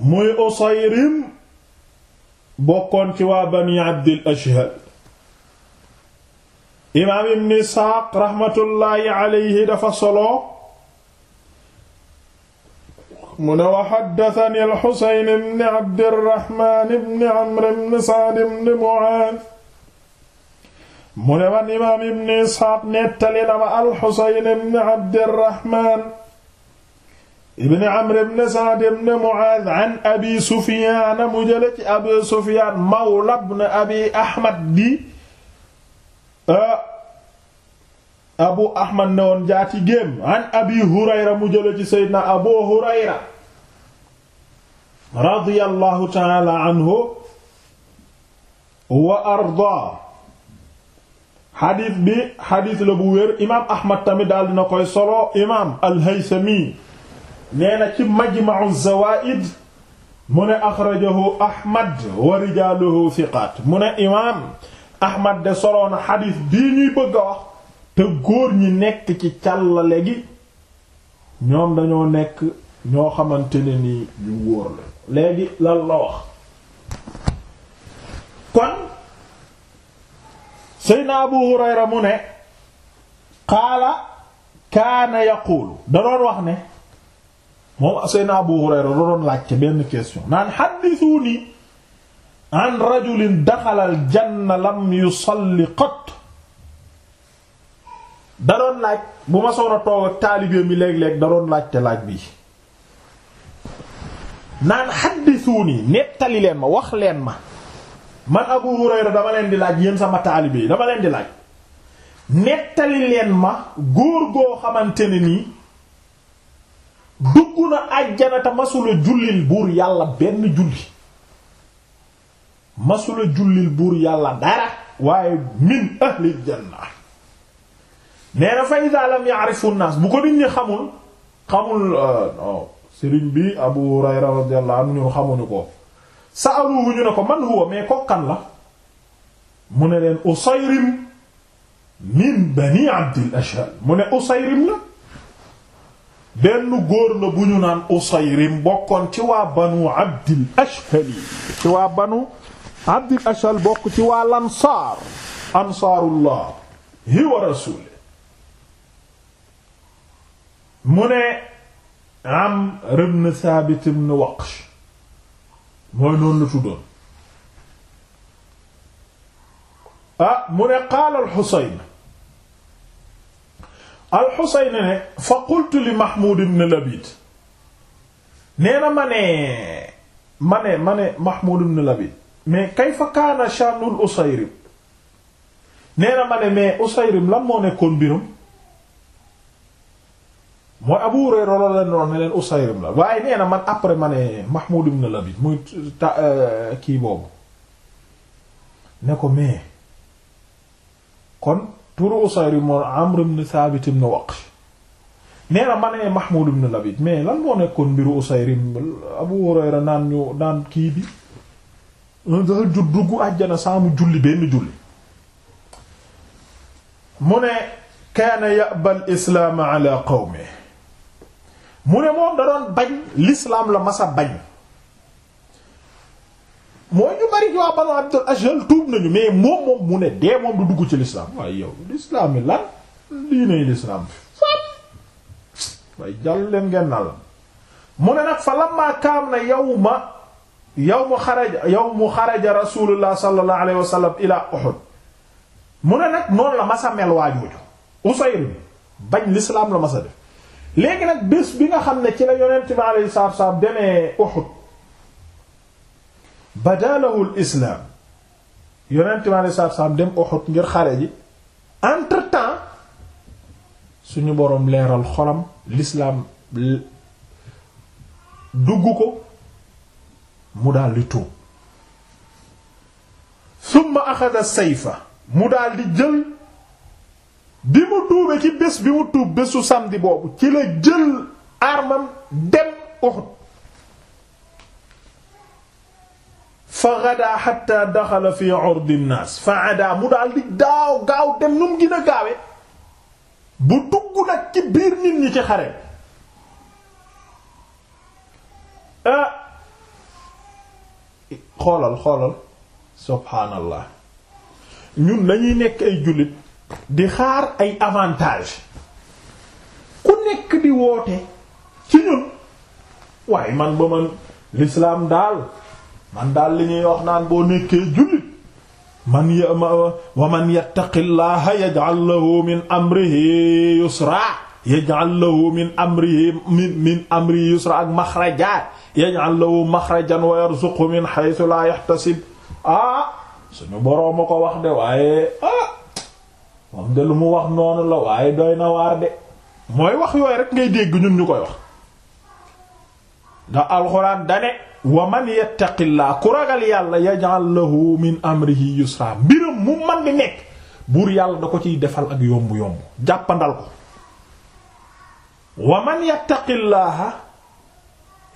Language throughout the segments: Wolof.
muy Usayrim bokkoon ci bani Abdil Ashhal imaam ibn Isxaaq raxmatullaahi alayhi dafa solo mu ne wa xaddatani al-Xuseyn ibn Abdirraxmaan ibn Amr ibn Saad ibn Muaaz mu ne man imaam ibn Isxaaq nettali na ma al-Xuseyn ibn Abdirraxmaan ibn amr ibn sa'd ibn mu'adh an abi sufyan mu jële ci abu sufyan mawla ibn abi ahmad di abu ahmad ne woon jaati gémm an abi hurayra mu jële ci seydina abu hurayra radiyallahu ta'ala anhu wa arda xadiis bi xadiis la bu wér imaam ahmad tamit daal dina koy solo imaam al-haythami nee na ci majma'u zawaid mu ne axrajahu ahmad wa rijaluhu thiqat mu ne imam ahmad de soloona xadis bii ñuy bëgg a wax te góor ñi nekk ci càllale gi ñoom dañoo nekk ñoo xamante ne ni ñu wóor la léegi lan la wax kon seydna abu hurayra mu ne qaala kaana yaquulu da doon wax ne moom Seydina Abu Hurayra da doon laajte benn question naan haddisuuni an rajulin daxala al janna lam yusalli qat da doon laaj bu ma soon a toog ak taalibe mi léeg-léeg da doon laajte laaj bi naan haddisuuni nettali leen ma wax leen ma man Abu Hurayra dama leen di laaj yéen sama taalibe yi dama leen di laaj nettali leen ma góor goo xamante ne nii dugg na àjjana te masula jullil buur yàlla benn julli masula jullil buur yàlla dara waaye min ahlil janna nee fa idaa lam ya'rifu naas bu ko nit ñi xamul xamul euh, non sëriñ bi Abu Hurayra radiyallahu anhu ñun xamuñu ko sa'aluhu ñu ne ko man huwa mais kokkan la mu ne leen Usayrim min bani Abdil Ashhal mu ne Usayrim la benn góor na bu ñu naan Usayrim bokkoon ci waa banu Abdil Ashhal ci waa banu Abdil Ashhal bokk ci waa lansaar ansaarullah hi wa rasuul mu ne Amr ibn Thabit ibn Waqsh mooy noonu la tuddoon ah, mu ne qaala al-Husayn alxuseyn ne fa qultu li mahmud ibn labid nee na ma ne ma ne ma ne mahmud ibn labid mais kayfa kaana shanul usayrim nee na ma ne mais usayrim lan moo nekkoon mbirum mooy abu hurayra la leen doon ne leen usayrim la waaye nee na man après ma ne mahmud ibn labid muy ta euh, kii boobu ne ko mais kon turu Usayr moo Amr ibn Thabit ibn Waqsh nee na ma nee Mahmoud ibn mais lan moo nekkoon mbiru Usayr Abu Hurayra naan ñu naan kii bi dafa jut dugg àjjana saa mu julli benn julli mu ne kaana ya'bal ala qawmi mu ne moom da l'islam la masa bañ mooy ñu bari ci waa Banu Abdul Ashhal tuub nañu mais moom moom mu ne dee moom du dugg ci l'islam waaye yow l'islam yi lan diiney l'islam fan waaye jàll leen ngeen na la mu ne nag fa lamma kaam na yawma yawmu xaraja yawmu xaraja rasulullah sallallahu alayhi wa sallam ila Uhud mu ne nag noonu la masa mel waajooju Usayr bañ l'islam la masa def léegi nag bés bi nga xam ne ci la yonent bi alayhi salaatu wa demee Uhud badalahul islaam yonent mi aleyhi salaatu dem Uhud ngir xare ji entre temps suñu boroom leeral xolam lislaam dugg ko mu daldi tuub summa axada sayfa mu daldi jël bi mu tuube ci bés bi mu tuub bésu samedi boobu ci la jël armam dem Uhud fa ghadaa hatta daxala fi urdi naas fa adaa mu daal di daaw gaaw dem nu mu gën a bu dugg nag ci biir nit ñi ci xare ah xoolal xoolal subhaanallah ñun dañuy nekk ay jullit di xaar ay avantage ku nekk di woote ci ñun waaye man ba man l'islam daal man daal li ñuy wax naan boo nekkee jullit man ya wa man yattaqillaha yaj'al lahu min amrihi yusra yaj'al lahu min amrihi min min yusra ak maxraja yaj'al lahu maxrajan wa yarzuqhu min haythu la yahtasib ah suñu boroom a ko wax de waaye ah moom de lu mu wax noonu la waaye doy na waar de mooy wax yooyu rek ngay dégg ñun ñu koy wax ndax alxuraan dane wa man yattaqillaa ku ragal yàlla yaj'al lahu min amrihi yusra mbiram mu man di nekk buur yàlla da ko ciy defal ak yomb-yomb jàppandal ko wa man yattaqillaaha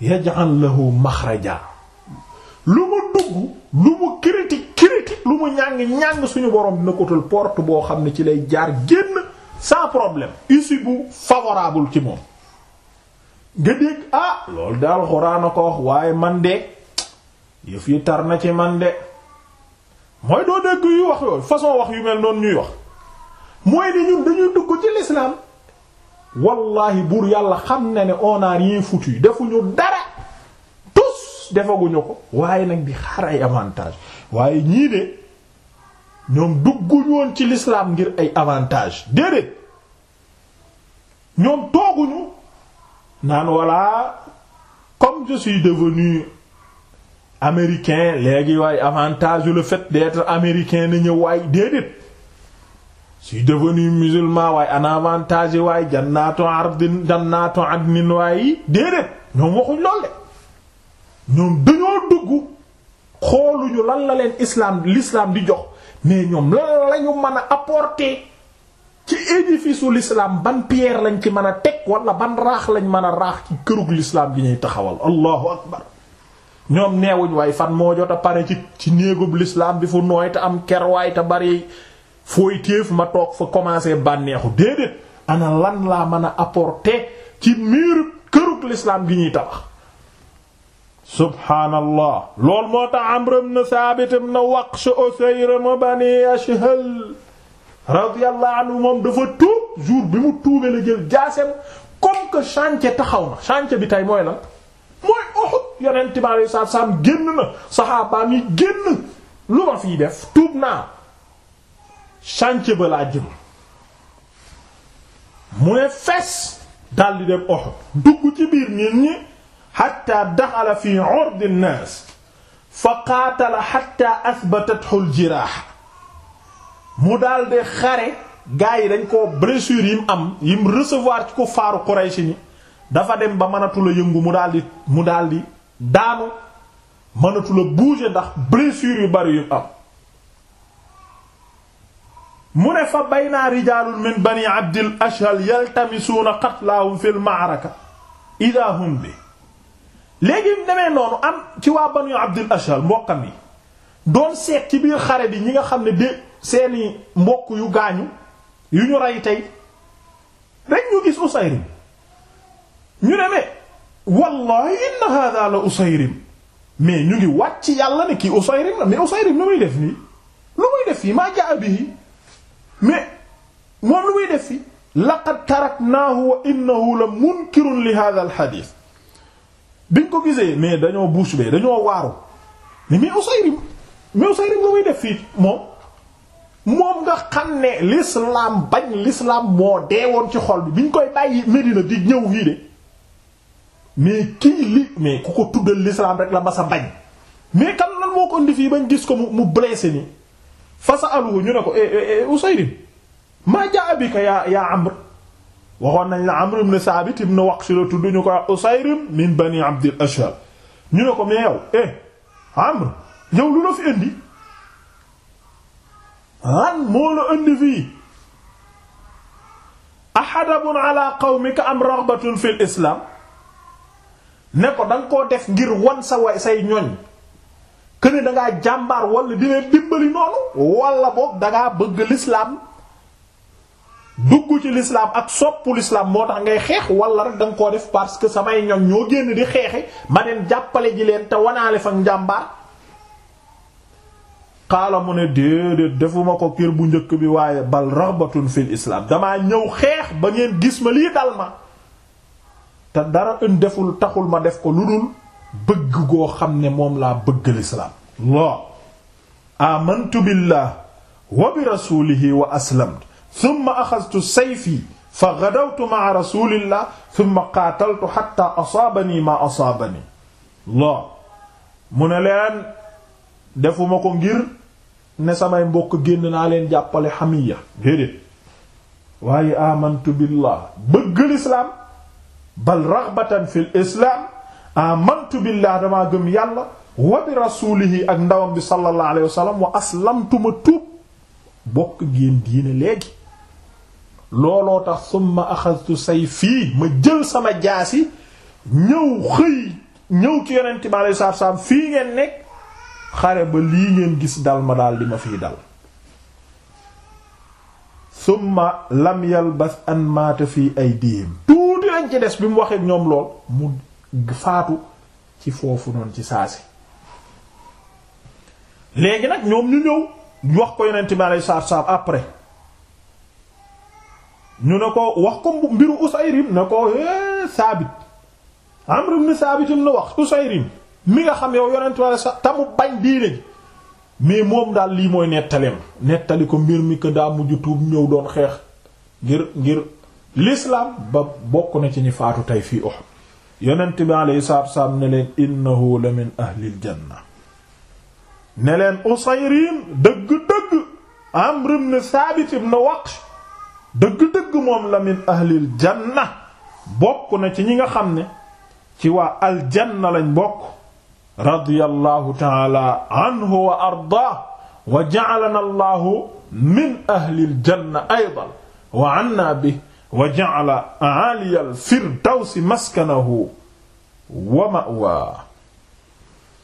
yaj'al lahu maxraja lu mu dugg lu mu critique critique lu mu ñàng-ñàng suñu borom dina ko porte boo xam ne ci lay jaar génn sans problème issue favorable ci moom nga dégg ah loolu daal xuraan a ko wax waaye man de yëf yi tar na ci man de mooy doo dégg yu wax yooyu façon wax yu mel noonu ñuy wax mooy ni ñun dañuy dugg ci l'islam wallahi buur yàlla xam na ne on a rien foutu defuñu dara tous defaguñu ko waaye nag di xaar ay avantage waaye ñii de ñoom dugguñu ci lislaam ngir ay avantage déedéet ñoom tooguñu naan voilà comme je suis devenu américain léegi waaye avantage le fait d'être américain na ñëw waay déedéet suis devenu musulman waaye an avantage waaye jannatu ardin jannatu adnin déedéet ñoom waxuñ lool de ñoom dañoo dugg xooluñu lan la leen islam l'islam di jox mais ñoom lan lañu mën a apporter ci édifice u ban pierre lañ ci mën a teg wala ban raax lañ mën a raax ci kërug l'islam gi ñuy taxawal allahu akbar ñoom neewuñ waay fan moo jot a pare ci ci néegub l'islam bi fu nooy te am kerwaay te bari fooy téef ma toog fu commencé bànneexu déedéet ana laa mën a apporter ci miir kërug l'islam gi ñuy tabax subhaanallah loolu moo tax Amr ibn Thabit ibn Waqsh Usayr mu Bani Ashhal radiyallahu anhu moom dafa tuub jour bi mu tuubee la jël jaaseem comme que chantier taxaw na chantier bi tey mooy lan mooy Uhud yonent bi alayhi salaatu salaam génn na saxaabaam yi génn lu ma fiy def tuub naa chantier ba laa jëm mu ne fes daldi dem Uhud dugg ci biir nit ñi hatta daxala fi urdi nnaas fa qaatala hatta asbatathu al jiraaha mu daal de xare gars yi dañ ko blessure yim am yim recevoir ci ko faaru Quraysh ni dafa dem ba mënatula yëngu mu daal di mu daal di daanu mënatula bouger ndax blessure yu bari yu am mu ne fa bayna rijalun min bani abdil ashhal yaltamisuuna qatlahum fil ma'raka idha hum bi léegi mu demee noonu am ci waa banu abdil ashhal mbokkam yi doon seet ci biir xare bi ñi nga xam ne de seeni mbokk yu gaañu yu ñu rey tey rek ñu gis Usayr ñu ne mais wallahi inna hadha la Usayr mais ñu ngi wàcc yàlla ne kii Usayr la mais Usayr lu muy def nii lu muy def fii maa jaa bihi mais moom lu muy def la munkirun ko gisee mais dañoo bouche dañoo waaru mais def fii moom moom nga xam ne l'islam bañ lislaam moo deewoon ci xol bi bi ñu koy bàyyi Medina di ñëw fii de mais kii li mais ku ko tuddal l'islam rek la ma sa bañ mais kan lan moo ko indi fii bañ gis ko mu mu blessé ni fa sa aluhu ñu ne ko eh, eh, eh, Usayrim maa jaa bika yaa yaa Amr waxoon nañ la Amr ibn Saabit ibn Waqsh la tudd ñu ko ñu ne ko mais yow Amr yow lu la fi indi lan moo la indi fii ahadabun ala qawmika am raghbatun fil islam ne ko danga koo def ngir wan sa way say ñoñ këne dangaa jàmbaar walla di dimbali noonu wala boog dangaa bëgg lislaam dugg ci lislaam ak soppu lislaam moo tax ngay xeex walla rek danga koo def parce que samay ñoñ ñoo génn di xeexi ma neen jàppale ji leen te wanaale fa njàmbaar qaala mu ne déedéet defuma ko kër bu njëkk bi waaye bal raxbatun fil islaam damaa ñëw xeex ba ngeen gis ma lii dal ma te dara deful taxul ma def ko lu dul bëgg goo xam ne moom laa bëgg lislaam loo amantu billah wa bi rasulihi wa aslamtu thumma axadtu sayfi fa gadawtu ma'a rasulillah thumma qaataltu hatta asaabani ma asaabani loo mu ne leen defuma ko ngir ne samay mbokk génn naa leen jàppale xamiya déedéet waaye amantu billah bëgg lislaam bal raghbatan fil islaam amantu billah damaa gëm yàlla wa bi rasulihi ak ndawam bi sallallahu alayhi wa sallam wa aslamtuma tuub bokk génn diine léegi looloo tax summa axadtu sayfii ma jël sama jaasi ñëw xëy ñëw ci yonent bi alayhi salaam fii ngeen nekk xare ba lii ngeen gis dal ma daal di ma fiy dal summa lam yalbas an maata fii ay dihim tuuti lañ ci des bi mu waxee ñoom lool mu faatu ci foofu noonu ci saasi léegi nag ñoom ñu ñëw wax ko yonent bi alayhi salaatu salaam après ñu ne ko wax ko mbiru Usayrim ne ko hee eh, Saabit Amr ibn Saabit la wax Usayrim mi nga xam yow yonent wala sa te mu bañ diine ji mais moom daal lii mooy nettaleem nettali ko mbir mi que daa mujj tuub ñëw doon xeex ngir ngir l'islam ba bokk na ci ñi faatu tey fii Uhud yonent bi alayhi salaatu wassalaam innahu la ahlil janna ne leen Usayrim dëgg-dëgg Amr ibn Saabit ibn Waqsh dëgg-dëgg moom la ahlil janna bokk na ci ñi nga xam ne ci waa aljanna lañ bokk radiyallahu taala anhu wa ardaah wa ja'alana allahu min ahli aljanna aydan wa anna bihi wa ja'ala a'ali alfirdawsi maskanahu wa ma'waahu